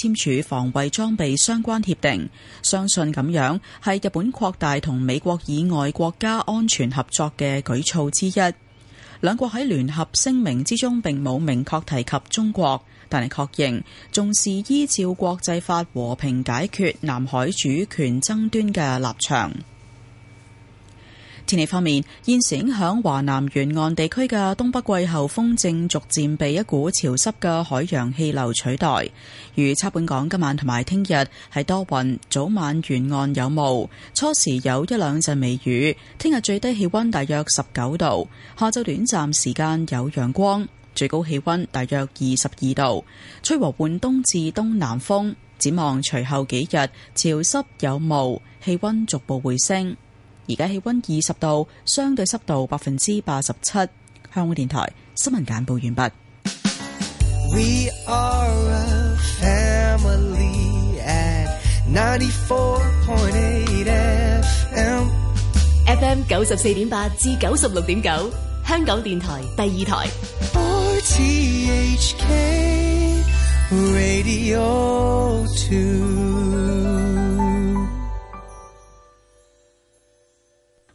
簽署防衛裝備相關協定，相信咁樣係日本擴大同美國以外國家安全合作嘅舉措之一。兩國喺聯合聲明之中，並冇明確提及中國，但係確認重視依照國際法和平解決南海主權爭端嘅立場。天氣方面，現時影響華南沿岸地區嘅東北季候風正逐漸被一股潮濕嘅海洋氣流取代。預測本港今晚同埋聽日係多雲，早晚沿岸有霧，初時有一兩陣微雨。聽日最低氣溫大約十九度，下晝短暫時間有陽光，最高氣溫大約二十二度，吹和緩東至東南風。展望隨後幾日潮，潮濕有霧，氣溫逐步回升。而家氣溫二十度，相對濕度百分之八十七。香港電台新聞簡報完畢。FM 九十四點八至九十六點九，9，香港電台第二台。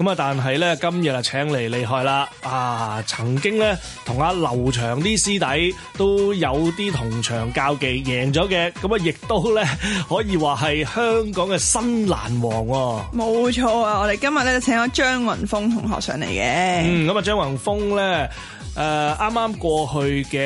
咁啊！但係咧，今日啊，請嚟厲害啦！啊！曾經咧，同阿劉翔啲師弟都有啲同場交技贏咗嘅，咁啊，亦都咧可以話係香港嘅新欄王。哦。冇錯啊！我哋今日咧就請咗張宏峰同學上嚟嘅。嗯，咁啊，張宏峰咧。誒，啱啱，呃、過去嘅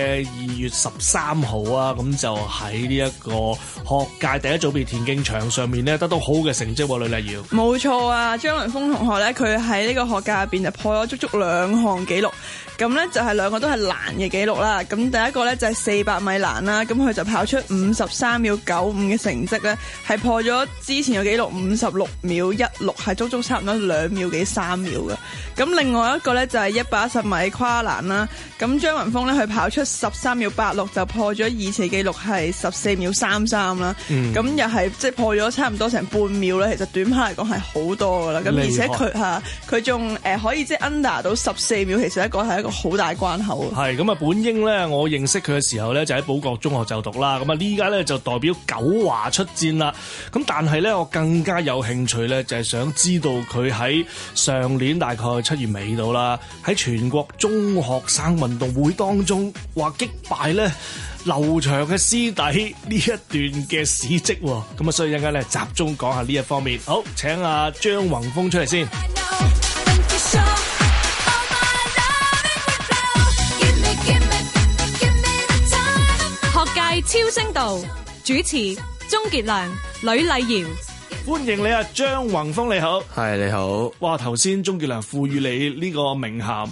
二月十三號啊，咁就喺呢一個學界第一組別田徑場上面咧，得到好嘅成績，呂麗瑤。冇錯啊，張、啊、宏峰同學呢，佢喺呢個學界入邊就破咗足足兩項紀錄，咁呢就係兩個都係欄嘅紀錄啦。咁第一個呢，就係四百米欄啦，咁佢就跑出五十三秒九五嘅成績咧，係破咗之前嘅紀錄五十六秒一六，係足足差唔多兩秒幾三秒嘅。咁另外一個呢，就係一百一十米跨欄啦。咁張宏峰咧，佢跑出十三秒八六就破咗以前嘅記錄係十四秒三三啦。咁又係即係破咗差唔多成半秒咧。其實短跑嚟講係好多噶啦。咁而且佢吓佢仲誒，可以即係 under 到十四秒，其實一個係一個好大關口。係咁啊！本英咧，我認識佢嘅時候咧就喺寶覺中學就讀啦。咁啊，呢家咧就代表九華出戰啦。咁但係咧，我更加有興趣咧就係想知道佢喺上年大概七月尾到啦，喺全國中學學生運動會當中，話擊敗咧劉翔嘅師弟呢一段嘅史迹，咁啊，所以一陣間咧集中講下呢一方面。好，請阿張宏峰出嚟先。學界超聲道主持鍾杰良、呂麗瑤，歡迎你啊，張宏峰，你好，係你好。哇，頭先鐘杰良賦予你呢個名銜。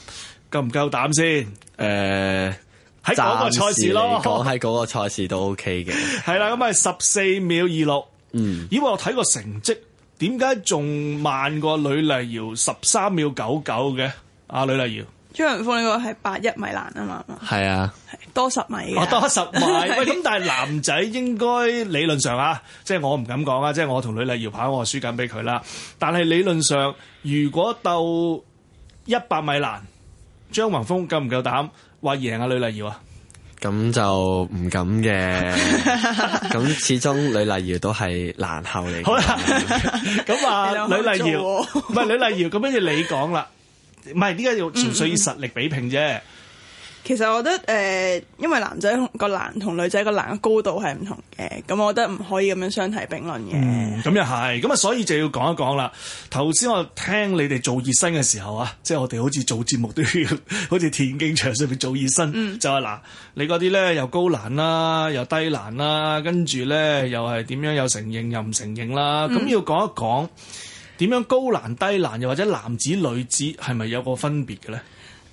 夠唔夠膽先？誒喺嗰個賽事咯，講喺嗰個賽事都 OK 嘅。係啦， 咁係十四秒二六。嗯，咦？我睇個成績點解仲慢過呂麗瑤十三秒九九嘅？阿呂麗瑤，張雲峰呢個係百一米欄啊嘛，係啊，啊多十米嘅，啊哦。多十米喂！咁 但係男仔應該理論上啊，即係 我唔敢講啊，即、就、係、是、我同呂麗瑤跑，我輸緊俾佢啦。但係理論上，如果鬥一百米欄。張宏峰夠唔夠膽話贏啊呂麗瑤啊？咁就唔敢嘅。咁始終呂麗瑤都係難考你吧。好啦，嗯，咁啊呂麗瑤，唔係呂麗瑤。咁跟住你講啦，唔係呢個要純粹以實力比拼啫。 嗯嗯嗯其實我覺得誒、呃，因為男仔個欄同女仔個欄高度係唔同嘅，咁我覺得唔可以咁樣相提並論嘅。咁又係，咁啊，所以就要講一講啦。頭先我聽你哋做熱身嘅時候啊，即係我哋好似做節目都要， 好似田徑場上邊做熱身，嗯、就話嗱，你嗰啲咧又高欄啦，又低欄啦，跟住咧又係點樣，又承認又唔承認啦，咁、嗯、要講一講點樣高欄低欄，又或者男子女子係咪有個分別嘅咧？誒，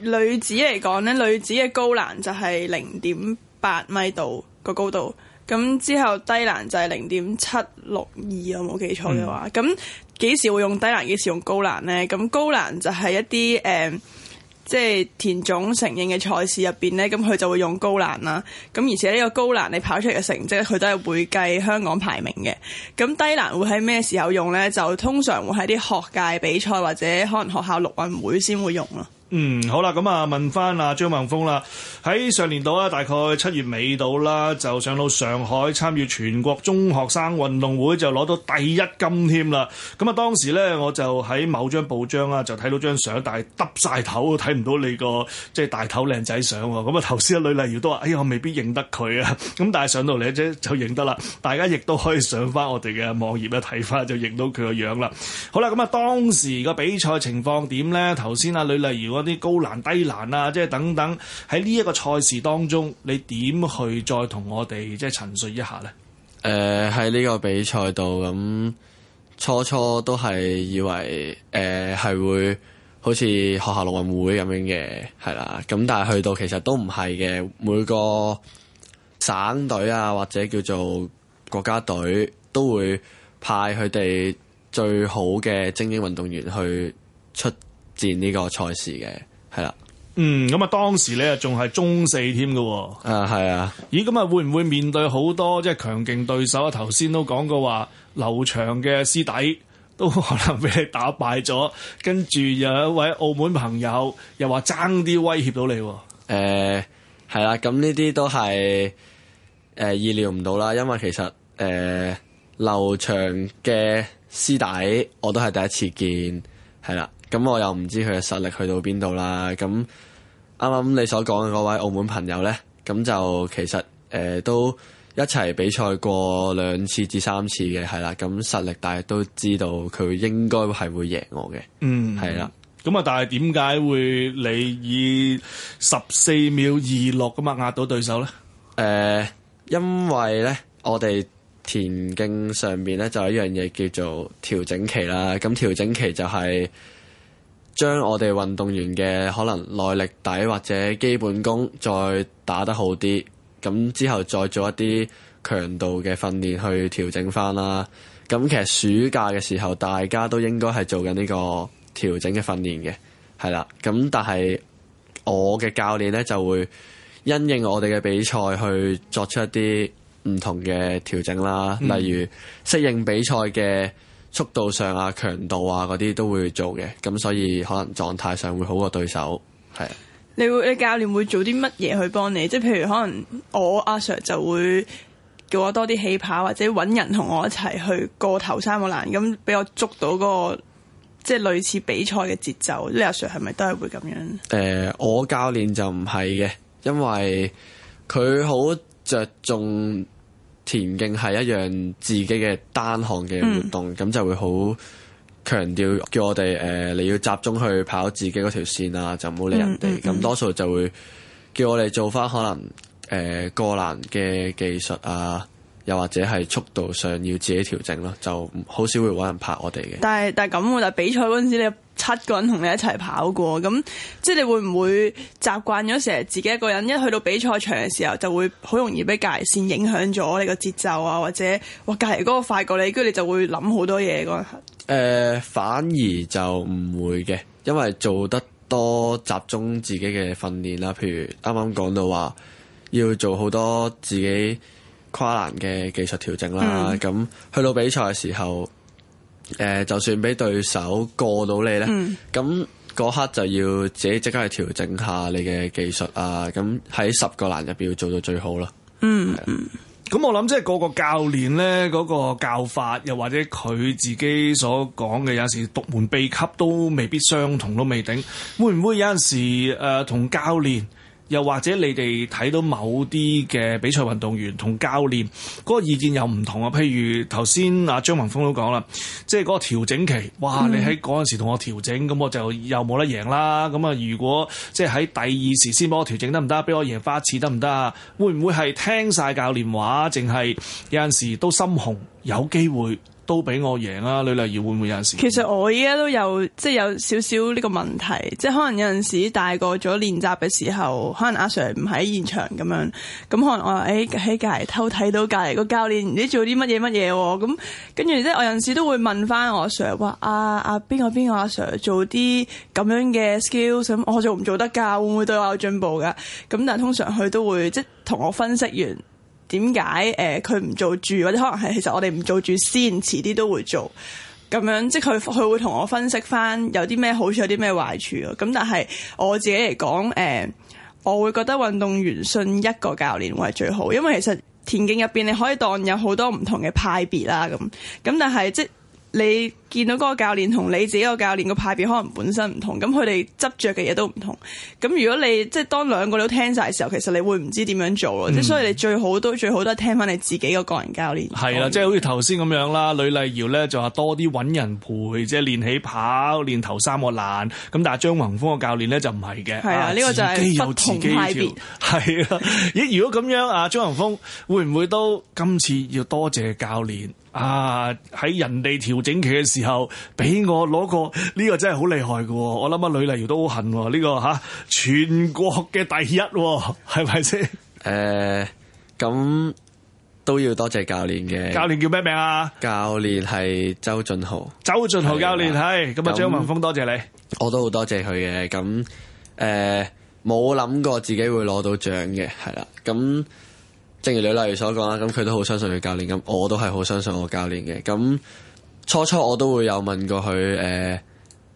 女、呃、子嚟講咧，女子嘅高欄就係零點八米度個高度，咁之後低欄就係零點七六二，有冇記錯嘅話，咁幾、嗯、時會用低欄，幾時用高欄呢？咁高欄就係一啲誒，即、呃、係、就是、田總承認嘅賽事入邊呢，咁佢就會用高欄啦。咁而且呢個高欄你跑出嚟嘅成績，佢都係會計香港排名嘅。咁低欄會喺咩時候用呢？就通常會喺啲學界比賽或者可能學校陸運會先會用咯。嗯，好啦，咁啊，問翻啊張宏峰啦，喺上年度啊，大概七月尾到啦，就上到上海參與全國中學生運動會，就攞到第一金添啦。咁啊，當時咧我就喺某張報章啊，就睇到張相，但係耷晒頭睇唔到你個即係、就是、大頭靚仔相喎。咁啊，頭先阿呂麗瑤都話哎呀，我未必認得佢啊。咁但係上到嚟即就認得啦。大家亦都可以上翻我哋嘅網頁咧睇翻，就認到佢個樣啦。好啦，咁啊，當時個比賽情況點咧？頭先阿呂麗瑤。嗰啲高難低難啊，即係等等喺呢一個賽事當中，你點去再同我哋即係陳述一下咧？誒，喺呢個比賽度，咁初初都係以為誒係會好似學校陸運會咁樣嘅，係啦。咁但係去到其實都唔係嘅，每個省隊啊或者叫做國家隊都會派佢哋最好嘅精英運動員去出戰呢個賽事嘅係啦，嗯，咁啊，當時咧仲係中四添噶，啊，係啊，咦，咁啊，會唔會面對好多即係強勁對手啊？頭先都講過話，劉翔嘅師弟都可能俾你打敗咗，跟住有一位澳門朋友又話爭啲威脅到你。啊，誒、呃，係啦、啊，咁呢啲都係誒、呃、意料唔到啦，因為其實誒劉翔嘅師弟我都係第一次見，係啦、啊。咁我又唔知佢嘅實力去到邊度啦。咁啱啱你所講嘅嗰位澳門朋友呢，咁就其實誒、呃、都一齊比賽過兩次至三次嘅係啦。咁實力大家都知道，佢應該係會贏我嘅。嗯，係啦的。咁啊、嗯，但係點解會你以十四秒二六咁啊壓到對手呢？誒、呃，因為呢，我哋田徑上面呢，就有一樣嘢叫做調整期啦。咁調整期就係、是。將我哋運動員嘅可能耐力底或者基本功再打得好啲，咁之後再做一啲強度嘅訓練去調整翻啦。咁其實暑假嘅時候，大家都應該係做緊呢個調整嘅訓練嘅，係啦。咁但係我嘅教練呢，就會因應我哋嘅比賽去作出一啲唔同嘅調整啦，嗯、例如適應比賽嘅。速度上啊、強度啊嗰啲都會做嘅，咁所以可能狀態上會好過對手，係。你會你教練會做啲乜嘢去幫你？即係譬如可能我阿、啊、Sir 就會叫我多啲起跑，或者揾人同我一齊去過頭三個欄，咁俾我捉到嗰、那個即係類似比賽嘅節奏。你阿 Sir 係咪都係會咁樣？誒、呃，我教練就唔係嘅，因為佢好着重。田徑係一樣自己嘅單項嘅活動，咁、嗯、就會好強調叫我哋誒、呃、你要集中去跑自己嗰條線啊，就唔好理人哋。咁、嗯嗯、多數就會叫我哋做翻可能誒、呃、過欄嘅技術啊，又或者係速度上要自己調整咯、啊，就好少會揾人拍我哋嘅。但係但係咁喎，但係比賽陣時你。七個人同你一齊跑過，咁即係你會唔會習慣咗成日自己一個人？一去到比賽場嘅時候，就會好容易俾隔籬線影響咗你個節奏啊，或者哇隔籬嗰個快過你，跟住你就會諗好多嘢㗎。誒、呃，反而就唔會嘅，因為做得多集中自己嘅訓練啦。譬如啱啱講到話要做好多自己跨欄嘅技術調整啦，咁、嗯嗯、去到比賽嘅時候。誒、呃，就算俾對手過到你咧，咁嗰、嗯、刻就要自己即刻去調整下你嘅技術啊。咁喺十個欄入邊要做到最好啦。嗯、咁、嗯、我諗即係個個教練咧，嗰、那個教法又或者佢自己所講嘅，有陣時獨門秘笈都未必相同，都未定。會唔會有陣時誒，同、呃、教練？又或者你哋睇到某啲嘅比賽運動員同教練嗰個意見又唔同啊？譬如頭先阿張宏峰都講啦，即係嗰個調整期，哇！嗯、你喺嗰陣時同我調整，咁我就又冇得贏啦。咁啊，如果即係喺第二時先幫我調整得唔得？俾我贏花一次得唔得啊？會唔會係聽晒教練話，淨係有陣時都心紅有機會？都俾我贏啦，你例如會唔會有陣時？其實我依家都有即係、就是、有少少呢個問題，即、就、係、是、可能有陣時大個咗練習嘅時候，可能阿 sir 唔喺現場咁樣，咁、嗯嗯、可能我誒喺隔籬偷睇到隔籬個教練，你做啲乜嘢乜嘢喎？咁跟住即我有陣時都會問翻我阿 sir，話啊啊邊個邊個阿 sir 做啲咁樣嘅 skills，咁我做唔做得㗎？會唔會對我有進步㗎？咁、嗯、但係通常佢都會即係同我分析完。點解誒佢唔做住，或者可能係其實我哋唔做住先，遲啲都會做咁樣。即係佢佢會同我分析返有啲咩好處，有啲咩壞處咯。咁但係我自己嚟講誒，我會覺得運動員信一個教練會係最好，因為其實田徑入邊你可以當有好多唔同嘅派別啦。咁咁但係即你見到嗰個教練同你自己個教練個派別可能本身唔同，咁佢哋執着嘅嘢都唔同。咁如果你即係當兩個都聽晒嘅時候，其實你會唔知點樣做咯。即係、嗯、所以你最好都最好都係聽翻你自己個個人教練。係啦、啊，即係好似頭先咁樣啦，呂麗瑤咧就話多啲揾人陪，即係練起跑、練頭三個欄。咁但係張宏峰個教練咧就唔係嘅。係啊，呢、啊、個就係不同派別。係咯，咦、 啊？如果咁樣啊，張宏峰會唔會都今次要多謝教練？啊！喺人哋調整期嘅時候，俾我攞個呢個真係好厲害嘅喎！我諗、這個、啊，呂麗瑤都好恨呢個吓，全國嘅第一，係咪先？誒、呃，咁都要多謝，謝教練嘅。教練叫咩名啊？教練係周俊豪。周俊豪教練係咁啊！張宏峰，多謝你。我都好多謝佢嘅。咁誒，冇、呃、諗過自己會攞到獎嘅，係啦。咁。正如你例如所講啦，咁佢都好相信佢教練，咁我都係好相信我教練嘅。咁初初我都會有問過佢，誒、呃，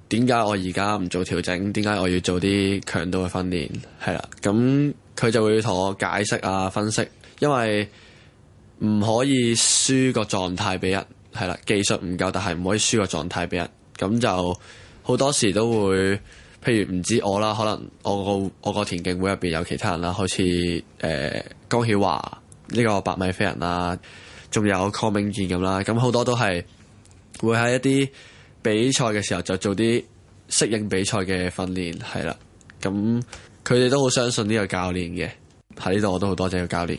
點解我而家唔做調整？點解我要做啲強度嘅訓練？係啦，咁佢就會同我解釋啊，分析，因為唔可以輸個狀態俾人，係啦，技術唔夠，但係唔可以輸個狀態俾人。咁就好多時都會，譬如唔知我啦，可能我個我個田徑會入邊有其他人啦，好似誒、呃、江曉華。呢個百米飛人啦，仲有康明健咁啦，咁好多都係會喺一啲比賽嘅時候就做啲適應比賽嘅訓練，係啦。咁佢哋都好相信呢個教練嘅，喺呢度我都好多謝個教練。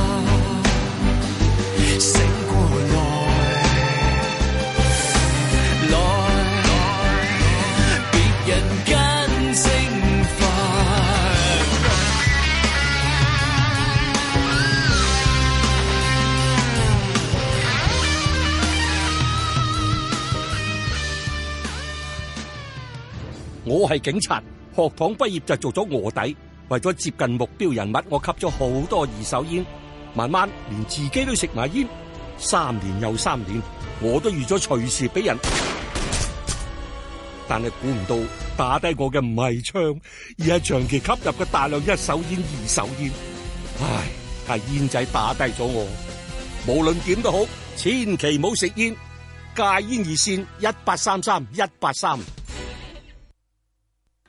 我係警察，學堂畢業就做咗卧底，為咗接近目標人物，我吸咗好多二手煙，慢慢連自己都食埋煙。三年又三年，我都預咗隨時俾人， 但係估唔到打低我嘅唔係槍，而係長期吸入嘅大量一手煙、二手煙。唉，個煙仔打低咗我。無論點都好，千祈唔好食煙，戒煙熱線一八三三一八三。18 33, 18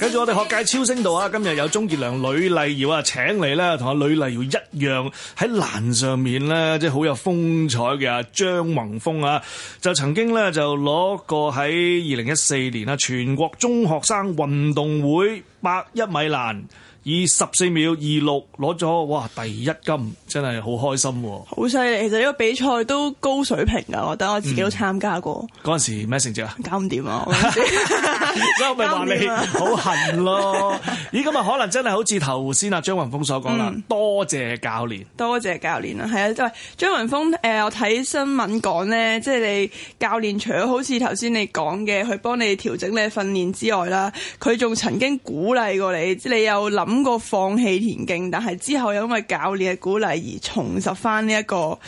跟住我哋學界超聲道啊！今日有鍾傑良、呂麗瑤啊，請嚟咧，同阿呂麗瑤一樣喺欄上面咧，即係好有風采嘅張宏峰啊，就曾經咧就攞過喺二零一四年啊全國中學生運動會百一米欄。以十四秒二六攞咗哇！第一金真係好開心喎、啊，好犀利！其實呢個比賽都高水平噶，我覺得我自己都參加過。嗰陣、嗯、時咩成績啊？搞唔掂啊！我唔知 所以我咪話你 好恨咯？咦，咁啊，可能真係好似頭先阿張宏峰所講啦，嗯、多謝教練，多謝教練啦，係啊，即係張宏峰誒、呃，我睇新聞講咧，即、就、係、是、你教練除咗好似頭先你講嘅，去幫你調整你訓練之外啦，佢仲曾經鼓勵過你，即係你有諗。諗過放棄田徑，但係之後又因為教練嘅鼓勵而重拾翻呢一個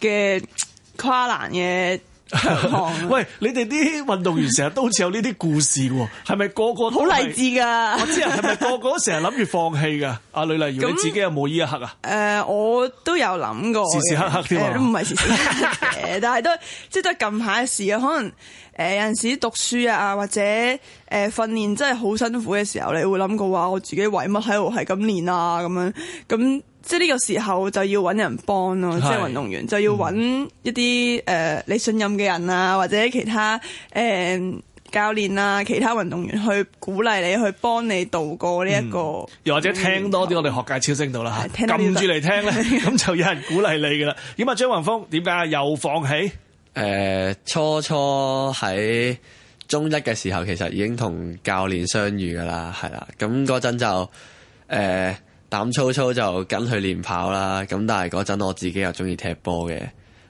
嘅跨欄嘅。 喂，你哋啲運動員成日都好似有呢啲故事喎，係咪個個好勵志㗎？我知係咪個個都成日諗住放棄㗎？阿呂麗瑤你自己有冇呢一刻啊？誒、呃，我都有諗過，時時刻刻添啊、呃，都唔係時時刻刻，刻， 但係都即係都係近排嘅事啊。可能誒、呃，有陣時讀書啊，或者誒訓練真係好辛苦嘅時候，你會諗過話，我自己爲乜喺度係咁練啊？咁樣咁。即係呢個時候就要搵人幫咯，即係運動員就要搵一啲誒、嗯呃、你信任嘅人啊，或者其他誒、呃、教練啊，其他運動員去鼓勵你，去幫你度過呢一個、嗯。又或者聽多啲我哋學界超聲度啦，撳住嚟聽咧，咁 就有人鼓勵你噶啦。咁啊，張宏峰點解又放棄？誒，初初喺中一嘅時候，其實已經同教練相遇噶啦，係啦。咁嗰陣就誒。呃膽粗粗就跟佢練跑啦，咁但係嗰陣我自己又中意踢波嘅，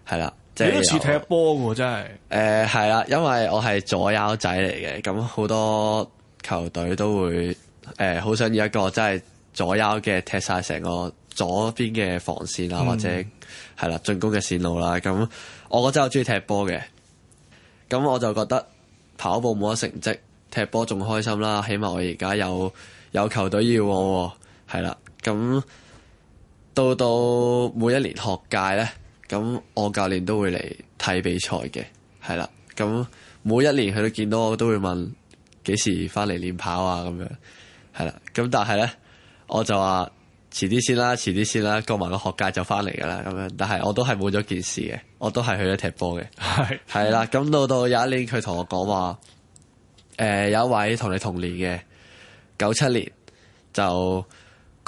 係啦，即係好似踢波嘅真係。誒係啦，因為我係左腰仔嚟嘅，咁好多球隊都會誒好、呃、想要一個真係左腰嘅，踢晒成個左邊嘅防線啊，嗯、或者係啦進攻嘅線路啦，咁我嗰陣我中意踢波嘅，咁我就覺得跑步冇得成績，踢波仲開心啦，起碼我而家有有球隊要我，係啦。咁到到每一年學界呢，咁我教練都會嚟睇比賽嘅，係啦。咁每一年佢都見到我，都會問幾時翻嚟練跑啊，咁樣，係啦。咁但係呢，我就話遲啲先啦，遲啲先啦，過埋個學界就翻嚟噶啦，咁樣。但係我都係冇咗件事嘅，我都係去咗踢波嘅，係係啦。咁 到到有一年佢同我講話，誒、呃、有一位同你同年嘅，九七年就。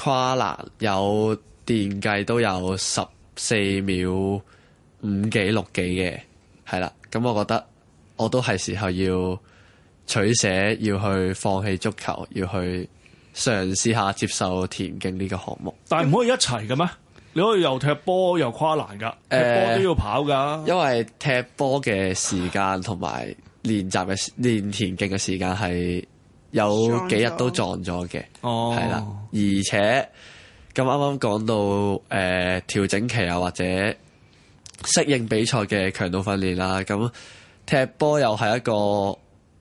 跨欄有電計都有十四秒五幾六幾嘅，係啦，咁我覺得我都係時候要取捨，要去放棄足球，要去嘗試下接受田徑呢個項目。但係唔可以一齊㗎咩？你可以又踢波又跨欄噶，踢波都要跑噶、呃。因為踢波嘅時間同埋練習嘅練田徑嘅時間係。有幾日都撞咗嘅，哦，係啦，而且咁啱啱講到誒調整期啊，或者適應比賽嘅強度訓練啦，咁踢波又係一個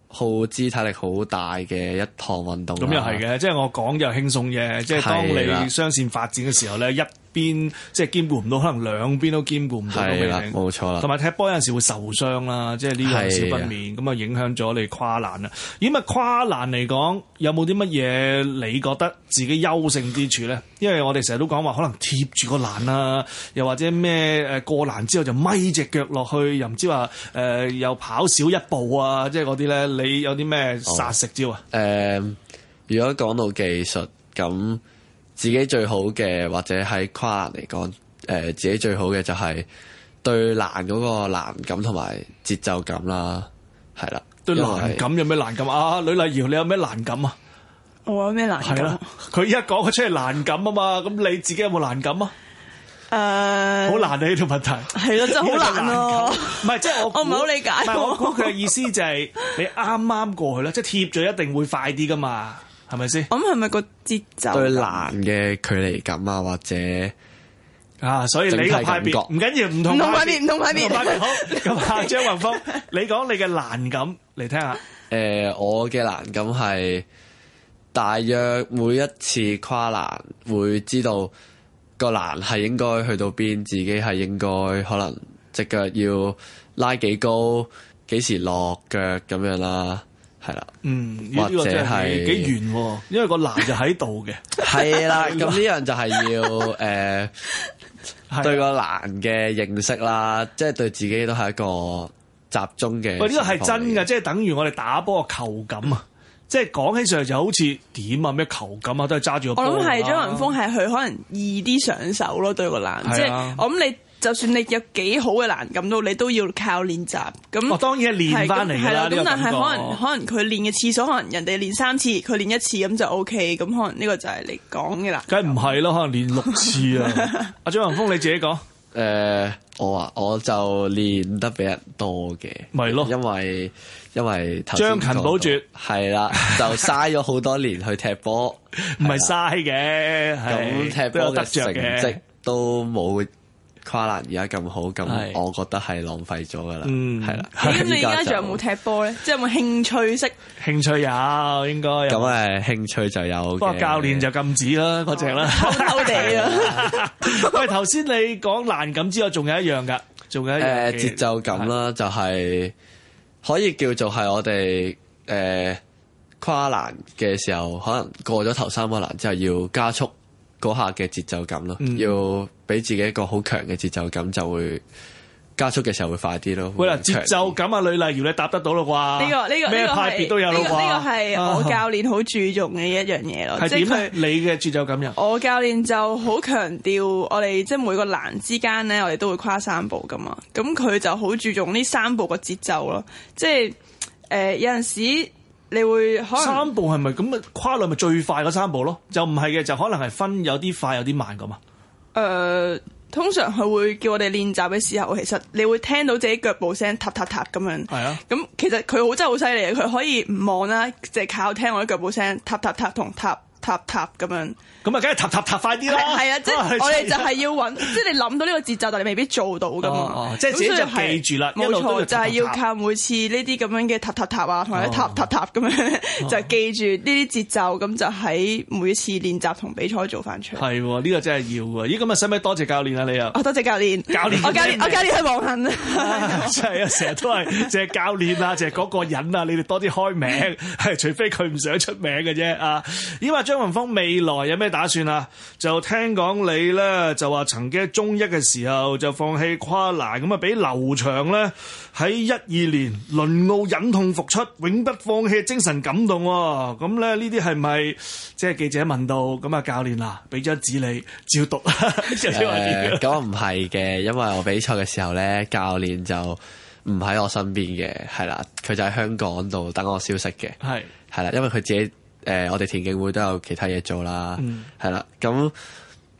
耗肢體力好大嘅一堂運動啊。咁又係嘅，即係我講又輕鬆嘅，即係當你雙線發展嘅時候咧一。邊即係兼顧唔到，可能兩邊都兼顧唔到都未定。冇錯啦。同埋踢波有陣時會受傷啦，即係呢樣少不免咁啊，是的 就影響咗你跨欄啊。咁啊，跨欄嚟講有冇啲乜嘢你覺得自己優勝之處咧？因為我哋成日都講話可能貼住個欄啊，又或者咩誒過欄之後就咪隻腳落去，又唔知話誒、呃、又跑少一步啊，即係嗰啲咧。你有啲咩殺食招啊？誒，oh. uh, 如果講到技術咁。自己最好嘅，或者喺跨嚟講，誒、呃、自己最好嘅就係對欄嗰個欄感同埋節奏感啦，係啦。對欄感有咩欄感、啊、感啊？呂麗瑤，你有咩欄感啊？我有咩欄感？係啦，佢依家講佢出嚟欄感啊嘛，咁你自己有冇欄感啊？誒、uh，好難呢、啊、條、這個、問題。係咯， 真係好難咯、啊。唔係， 即 係、就是、我我唔係好理解我。我佢嘅意思就係你啱啱過去啦，即係 貼咗一定會快啲噶嘛。係咪先？咁係咪個節奏？ 對欄嘅距離感啊，或者啊，所以你嘅感覺唔緊要，唔同派別，唔 同派別。好，咁啊，張宏峰，你講你嘅欄感嚟聽下。誒、呃，我嘅欄感係大約每一次跨欄，會知道個欄係應該去到邊，自己係應該可能隻腳要拉幾高，幾時落腳咁樣啦。係啦，嗯，呢、這個真係幾圓，因為個欄就喺度嘅。係啦、啊，咁呢吧樣就係要誒，呃啊、對個欄嘅認識啦，即、就、係、是、對自己都係一個集中嘅。喂，呢個係真嘅，即係等於我哋打波個球感啊！即係講起上嚟就好似點啊，咩球感啊，都係揸住個球，啊就是。我諗係張宏峰係佢可能易啲上手咯，對個欄，即係我諗你。就算你有幾好嘅欄感度，你都要靠練習。咁，當然係練翻嚟啦。係啦，咁但係可能可能佢練嘅次數，可能人哋練三次，佢練一次咁就 OK。咁可能呢個就係你講嘅啦。梗係唔係啦，可能練六次啊。阿張宏峰你自己講，誒，我啊，我就練得比人多嘅，咪咯，因為因為將勤補拙係啦，就嘥咗好多年去踢波，唔係嘥嘅，咁踢波有得着嘅，都冇。跨欄而家咁好，咁我覺得係浪費咗噶啦，係啦。咁你而家仲有冇踢波咧？即係有冇興趣識？興趣有，應該有。咁誒，興趣就有。不過教練就禁止啦，嗰隻啦。好嬲你啊！喂，頭先你講難感之外，仲有一樣噶，仲有一樣誒節奏感啦，就係可以叫做係我哋誒跨欄嘅時候，可能過咗頭三個欄之後，要加速嗰下嘅節奏感咯，要。俾自己一個好強嘅節奏感，就會加速嘅時候會快啲咯。喂啦，節奏感啊，呂麗瑤，你答得到咯啩？呢、這個呢、這個咩派別都有咯。呢個係、這個這個、我教練好注重嘅一、啊、樣嘢咯。係點咧？你嘅節奏感又？我教練就好強調，我哋即係每個欄之間咧，我哋都會跨三步噶嘛。咁佢就好注重呢三步個節奏咯。即係誒、呃，有陣時你會可能三步係咪咁啊？跨落咪最快嗰三步咯？就唔係嘅，就可能係分有啲快有啲慢噶嘛。誒、uh, 通常佢會叫我哋練習嘅時候，其實你會聽到自己腳步聲踏踏踏咁樣，係啊，咁其實佢好真係好犀利，佢可以唔望啦，淨係靠聽我啲腳步聲踏踏踏同踏。打打打打塔塔咁樣，咁啊梗係塔塔塔快啲啦！係啊，即係我哋就係要穩，即係你諗到呢個節奏，但係你未必做到咁。哦，即係自己就記住啦，冇錯，就係要靠每次呢啲咁樣嘅塔塔塔啊，同埋塔塔塔咁樣就記住呢啲節奏，咁就喺每次練習同比賽做翻出嚟。係，呢個真係要嘅。咦，咁啊使唔使多謝教練啊？你又？哦，多謝教練，教練，我教我教練係王亨啊！真係啊，成日都係淨係教練啊，淨係嗰個人啊，你哋多啲開名，除非佢唔想出名嘅啫啊！咦，話張宏峰未來有咩打算啊？就聽講你咧就話曾經喺中一嘅時候就放棄跨欄，咁啊俾劉翔咧喺一二年倫敦忍痛復出，永不放棄精神感動喎。咁咧呢啲係咪？即係記者問到？咁啊教練啊，俾張紙你照讀。誒， 咁唔係嘅，因為我比賽嘅時候咧，教練就唔喺我身邊嘅，係啦，佢就喺香港度等我消息嘅，係係啦，因為佢自己。誒、呃，我哋田徑會都有其他嘢做啦，係、嗯、啦，咁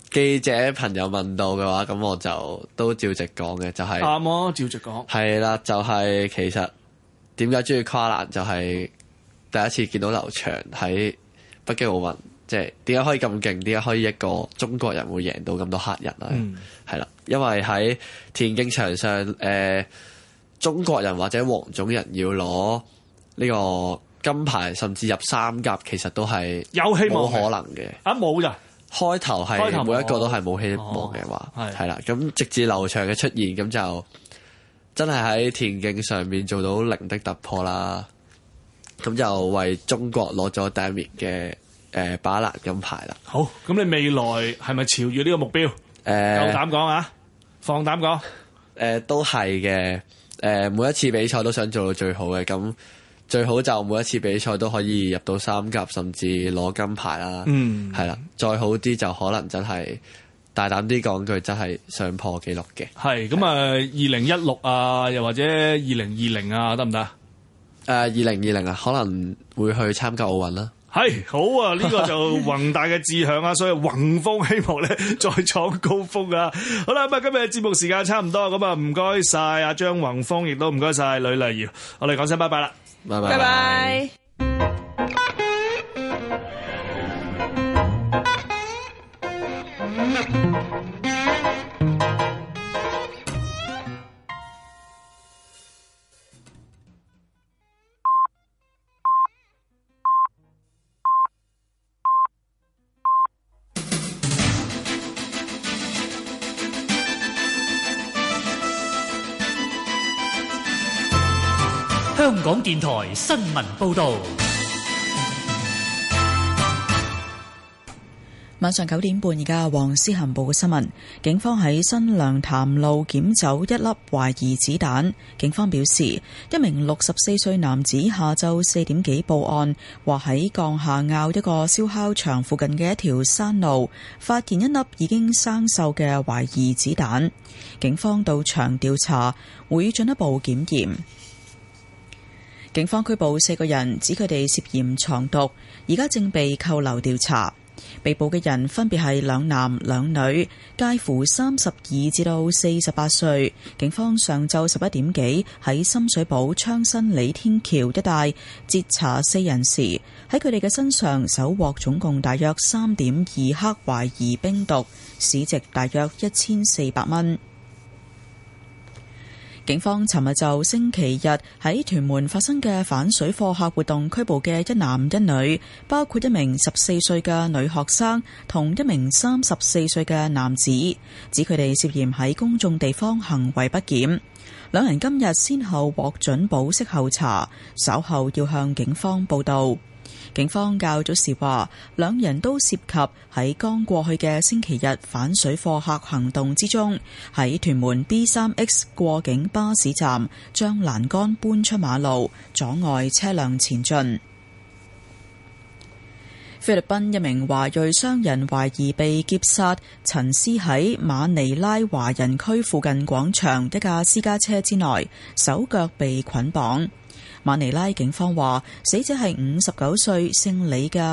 記者朋友問到嘅話，咁我就都照直講嘅，就係、是，啱咯、嗯，照直講，係啦，就係、是、其實點解中意跨欄，就係第一次見到劉翔喺北京奧運，即係點解可以咁勁，點解可以一個中國人會贏到咁多黑人啊？係、嗯、啦，因為喺田徑場上，誒、呃，中國人或者黃種人要攞呢、這個。金牌甚至入三甲，其實都係有希望，冇可能嘅。啊，冇就開頭係開頭每一個都係冇希望嘅話，係係啦。咁的直至劉翔嘅出現，咁就真係喺田徑上面做到零的突破啦。咁就為中國攞咗第一面嘅誒，把拿金牌啦。好，咁你未來係咪超越呢個目標？誒、呃，有膽講啊，放膽講。誒、呃，都係嘅。誒，每一次比賽都想做到最好嘅咁。最好就每一次比賽都可以入到三甲，甚至攞金牌啦。係啦、嗯，再好啲就可能真係大膽啲講句，真係想破紀錄嘅。係咁啊，二零一六啊，又或者二零二零啊，得唔得啊？誒，二零二零啊，可能會去參加奧運啦。係好啊，呢、這個就宏大嘅志向啊， 所以宏峰希望咧再創高峰啊。好啦，咁啊，今日節目時間差唔多，咁啊，唔該晒阿張宏峰，亦都唔該晒呂麗瑤，我哋講聲拜拜啦。拜拜拜拜。電台新聞報道：晚上九點半，而家黃思恒報嘅新聞。警方喺新娘潭路撿走一粒懷疑子彈。警方表示，一名六十四歲男子下晝四點幾報案，話喺降下坳一個燒烤場附近嘅一條山路，發現一粒已經生鏽嘅懷疑子彈。警方到場調查，會進一步檢驗。警方拘捕四個人，指佢哋涉嫌藏毒，而家正被扣留調查。被捕嘅人分別係兩男兩女，介乎三十二至到四十八歲。警方上晝十一點幾喺深水埗昌新里天橋一帶截查四人時，喺佢哋嘅身上搜獲總共大約三點二克懷疑冰毒，市值大約一千四百蚊。警方尋日就星期日喺屯門發生嘅反水貨客活動拘捕嘅一男一女，包括一名十四歲嘅女學生同一名三十四歲嘅男子，指佢哋涉嫌喺公眾地方行為不檢。兩人今日先後獲准保釋候查，稍後要向警方報道。警方較早時話，兩人都涉及喺剛過去嘅星期日反水貨客行動之中，喺屯門 B3X 過境巴士站將欄杆搬出馬路，阻礙車輛前進。菲律賓一名華裔商人懷疑被劫殺，陳屍喺馬尼拉華人區附近廣場一架私家車之內，手腳被捆綁。馬尼拉警方話，死者係五十九歲，姓李嘅。